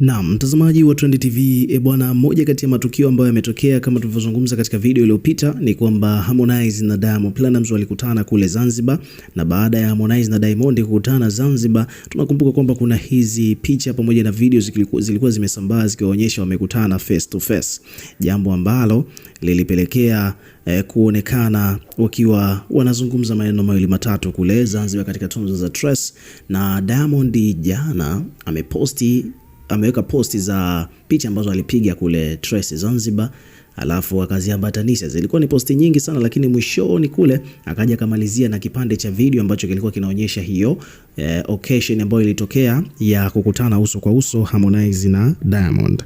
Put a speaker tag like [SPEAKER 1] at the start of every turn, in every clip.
[SPEAKER 1] Na mtazamaji wa Trend TV, e bwana, moja kati ya matukio ambayo yametokea kama tulivyozungumza katika video iliyopita ni kwamba Harmonize na Diamond Platnumz walikutana kule Zanzibar, na baada ya Harmonize na Diamond kukutana Zanzibar, tunakumbuka kwamba kuna hizi picha pamoja na video zilikuwa zimesambaa zikiwaonyesha wamekutana face to face, jambo ambalo lilipelekea eh, kuonekana wakiwa wanazungumza maneno mawili matatu kule Zanzibar katika tunzo za Tres, na Diamond jana ameposti ameweka posti za picha ambazo alipiga kule Trace Zanzibar, alafu akaziambatanisha. Zilikuwa ni posti nyingi sana, lakini mwishoni kule akaja akamalizia na kipande cha video ambacho kilikuwa kinaonyesha hiyo eh, occasion ambayo ilitokea ya kukutana uso kwa uso Harmonize na Diamond.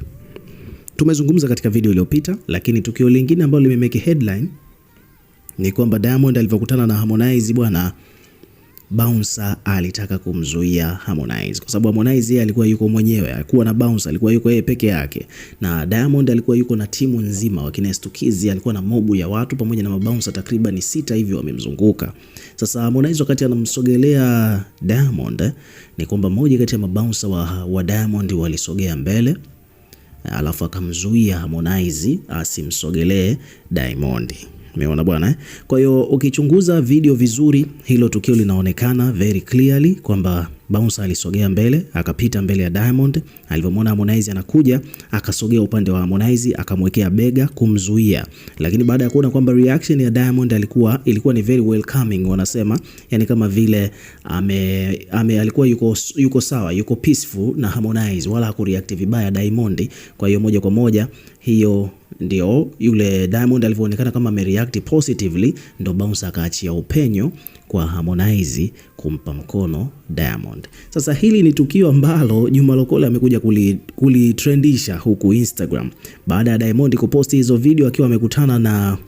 [SPEAKER 1] Tumezungumza katika video iliyopita, lakini tukio lingine ambalo limemeke headline ni kwamba Diamond alivyokutana na Harmonize bwana bouncer alitaka kumzuia Harmonize kwa sababu Harmonize yeye alikuwa yuko mwenyewe, alikuwa na bouncer, alikuwa yuko yeye peke yake, na Diamond alikuwa yuko na timu nzima wakina Stukizi, alikuwa na mobu ya watu pamoja na mabouncer takriban sita hivyo wamemzunguka. Sasa Harmonize wakati anamsogelea Diamond ni kwamba moja kati ya mabouncer wa, wa Diamond walisogea mbele alafu akamzuia Harmonize asimsogelee Diamond. Umeona bwana eh? Kwa hiyo ukichunguza video vizuri, hilo tukio linaonekana very clearly kwamba Bouncer alisogea mbele, akapita mbele ya Diamond. Alivyomwona Harmonize anakuja, akasogea upande wa Harmonize, akamwekea bega kumzuia. Lakini baada ya kuona kwamba reaction ya Diamond alikuwa ilikuwa ni very welcoming, wanasema yani kama vile ame, ame alikuwa yuko, yuko sawa, yuko peaceful na Harmonize, wala hakureact vibaya Diamond. Kwa hiyo moja kwa moja hiyo ndio yule Diamond alivyoonekana kama amereact positively, ndo Bouncer akaachia upenyo kwa Harmonize kumpa mkono Diamond. Sasa hili ni tukio ambalo Juma Lokole amekuja kulitrendisha kuli huku Instagram baada ya Diamond kuposti hizo video akiwa amekutana na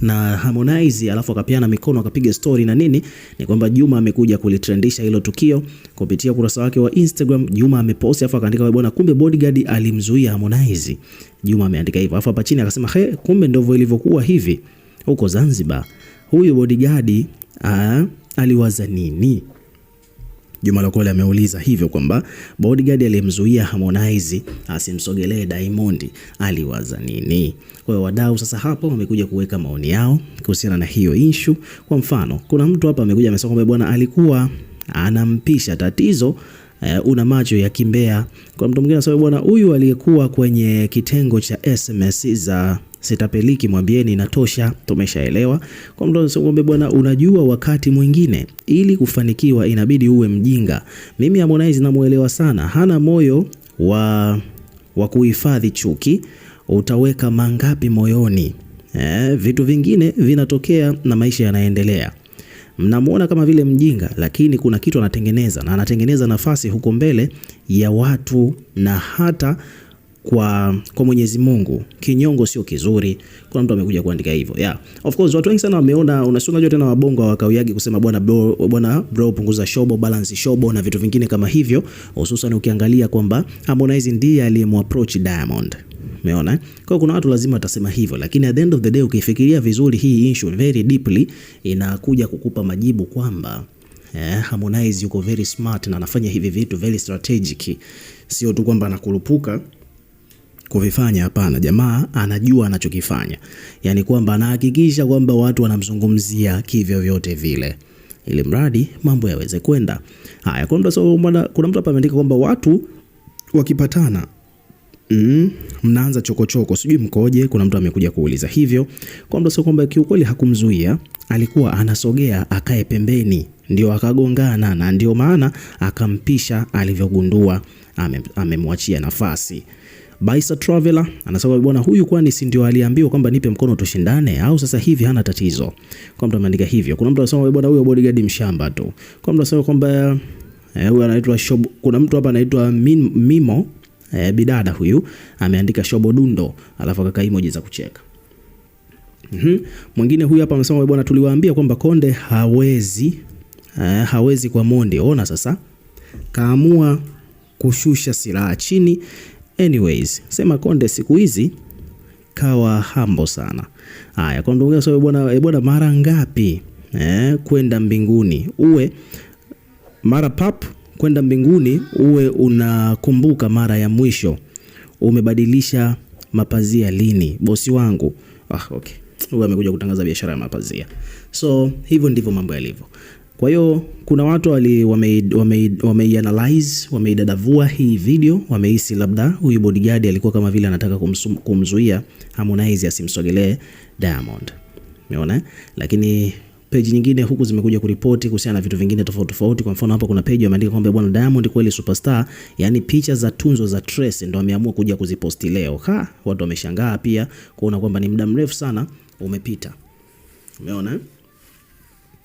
[SPEAKER 1] na Harmonize alafu akapeana mikono akapiga story na nini, ni kwamba Juma amekuja kulitrendisha hilo tukio kupitia ukurasa wake wa Instagram. Juma ameposti alafu akaandika, bwana, kumbe bodyguard alimzuia Harmonize. Juma ameandika hivyo, alafu hapa chini akasema, he, kumbe ndivyo ilivyokuwa hivi huko Zanzibar. Huyu bodyguard Aa, ah, aliwaza nini? Juma Lokole ameuliza hivyo kwamba bodyguard aliyemzuia Harmonize asimsogelee Diamond aliwaza nini? Kwa hiyo wadau sasa hapo wamekuja kuweka maoni yao kuhusiana na hiyo issue. Kwa mfano, kuna mtu hapa amekuja amesema kwamba bwana alikuwa anampisha tatizo Uh, una macho ya kimbea. Kwa mtu mwingine anasema bwana, huyu aliyekuwa kwenye kitengo cha SMS za sitapeliki, mwambieni inatosha, tumeshaelewa. Kwa mtu anasema bwana, unajua wakati mwingine ili kufanikiwa inabidi uwe mjinga. Mimi Harmonize namuelewa sana, hana moyo wa wa kuhifadhi chuki. Utaweka mangapi moyoni? Eh, vitu vingine vinatokea na maisha yanaendelea. Mnamuona kama vile mjinga, lakini kuna kitu anatengeneza na anatengeneza nafasi huko mbele ya watu na hata kwa, kwa Mwenyezi Mungu. Kinyongo sio kizuri. Kuna mtu amekuja kuandika hivyo. Yeah. Of course watu wengi sana wameona unasoma hiyo tena wabongo hawakauyagi kusema bwana bro, bwana bro punguza shobo, balance shobo na vitu vingine kama hivyo, hususan ukiangalia kwamba Harmonize ndiye aliyemapproach Diamond. Umeona? Kwa kuna watu lazima watasema hivyo, lakini at the end of the day ukifikiria vizuri hii issue very deeply inakuja kukupa majibu kwamba eh, Harmonize yuko very smart na anafanya hivi vitu very strategic. Sio tu kwamba anakurupuka kuvifanya. Hapana, jamaa anajua anachokifanya, yaani kwamba anahakikisha kwamba watu wanamzungumzia kivyo vyote vile, ili mradi mambo yaweze kwenda haya. So, kuna mtu hapa ameandika kwamba watu wakipatana Mm, mnaanza chokochoko sijui mkoje. Kuna mtu amekuja kuuliza hivyo mtu sio kwamba kiukweli hakumzuia, alikuwa anasogea akae pembeni, ndio akagongana, na ndio maana akampisha alivyogundua amemwachia nafasi. Baisa Traveler anasema bwana huyu kwani si ndio aliambiwa kwamba nipe mkono tushindane au sasa hivi hana tatizo. Kwa mtu ameandika hivyo. Kuna mtu anasema bwana huyo bodyguard mshamba tu. Kwa mtu anasema kwamba eh, huyu anaitwa Shob. Kuna mtu hapa anaitwa Mimo eh, bidada huyu ameandika Shobodundo alafu akaka emoji za kucheka. Mhm. mm Mwingine huyu hapa amesema bwana tuliwaambia kwamba Konde hawezi eh, hawezi kwa Monde. Ona sasa kaamua kushusha silaha chini Anyways, sema Konde siku hizi kawa hambo sana. Haya, kwa ongea bwana, eh, bwana mara ngapi eh, kwenda mbinguni uwe mara pap kwenda mbinguni uwe unakumbuka mara ya mwisho umebadilisha mapazia lini, bosi wangu? Ah, okay, huyu amekuja kutangaza biashara ya mapazia. So hivyo ndivyo mambo yalivyo. Kwa hiyo kuna watu wali wame, wame, wame analyze wameidadavua hii video, wamehisi labda huyu bodyguard alikuwa kama vile anataka kumzuia Harmonize asimsogelee Diamond. Umeona? Lakini page nyingine huku zimekuja kuripoti kuhusiana na vitu vingine tofauti tofauti. Kwa mfano hapa kuna page wameandika kwamba bwana Diamond kweli superstar, yani picha za tunzo za Trace ndo ameamua kuja kuziposti leo. Ha, watu wameshangaa pia kuona kwamba ni muda mrefu sana umepita. Umeona?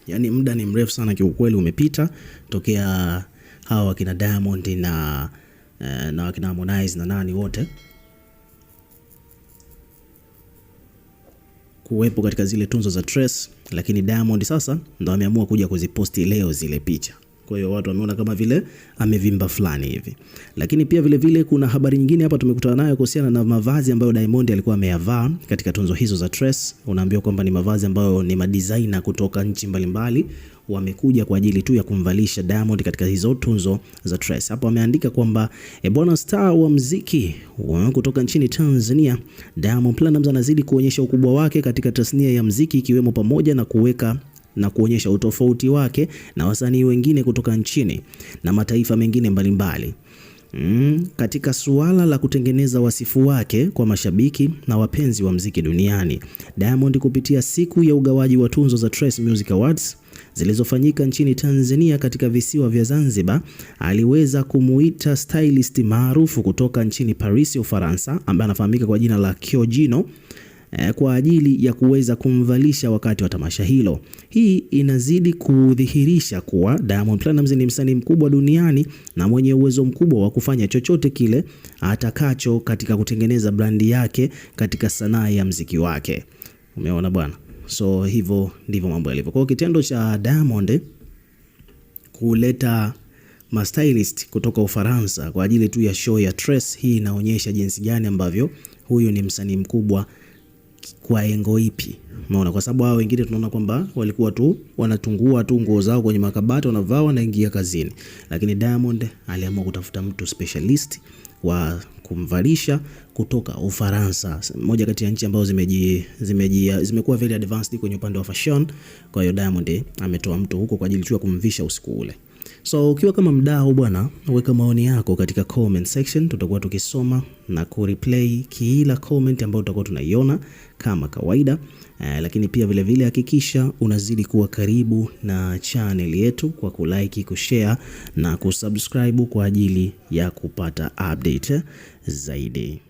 [SPEAKER 1] yani muda ni mrefu sana kiukweli umepita tokea hawa wakina Diamond na eh, na wakina Harmonize na nani wote kuwepo katika zile tunzo za Trace, lakini Diamond sasa ndo ameamua kuja kuziposti leo zile picha. Kwa hiyo watu wameona kama vile amevimba fulani hivi. Lakini pia vile vile kuna habari nyingine hapa tumekutana nayo kuhusiana na mavazi ambayo Diamond alikuwa ameyavaa katika tunzo hizo za Tres. Unaambiwa kwamba ni mavazi ambayo ni madizaina kutoka nchi mbalimbali wamekuja kwa ajili tu ya kumvalisha Diamond katika hizo tunzo za Tres. Hapo ameandika kwamba e, bwana star wa mziki kutoka nchini Tanzania Diamond Platinumz anazidi kuonyesha ukubwa wake katika tasnia ya mziki ikiwemo pamoja na kuweka na kuonyesha utofauti wake na wasanii wengine kutoka nchini na mataifa mengine mbalimbali. Mm, katika suala la kutengeneza wasifu wake kwa mashabiki na wapenzi wa mziki duniani, Diamond kupitia siku ya ugawaji wa tunzo za Trace Music Awards zilizofanyika nchini Tanzania katika visiwa vya Zanzibar, aliweza kumuita stylist maarufu kutoka nchini Paris, Ufaransa ambaye anafahamika kwa jina la Kyojino eh, kwa ajili ya kuweza kumvalisha wakati wa tamasha hilo. Hii inazidi kudhihirisha kuwa Diamond Platnumz ni msanii mkubwa duniani na mwenye uwezo mkubwa wa kufanya chochote kile atakacho katika kutengeneza brandi yake katika sanaa ya mziki wake. Umeona bwana? So hivyo ndivyo mambo yalivyo. Kwa kitendo cha Diamond kuleta mastylist kutoka Ufaransa kwa ajili tu ya show ya Tres, hii inaonyesha jinsi gani ambavyo huyu ni msanii mkubwa kwa engo ipi? Umeona, kwa sababu hao wengine tunaona kwamba walikuwa tu wanatungua tu nguo zao kwenye makabati, wanavaa wanaingia kazini, lakini Diamond aliamua kutafuta mtu specialist wa kumvalisha kutoka Ufaransa, moja kati ya nchi ambazo zimeji zimeji zimekuwa very advanced kwenye upande wa fashion. Kwa hiyo Diamond ametoa mtu huko kwa ajili ya kumvisha usiku ule. So ukiwa kama mdau bwana, weka maoni yako katika comment section, tutakuwa tukisoma na kureplay kila comment ambayo tutakuwa tunaiona kama kawaida. Eh, lakini pia vilevile hakikisha vile unazidi kuwa karibu na channel yetu kwa kulike, kushare na kusubscribe kwa ajili ya kupata update zaidi.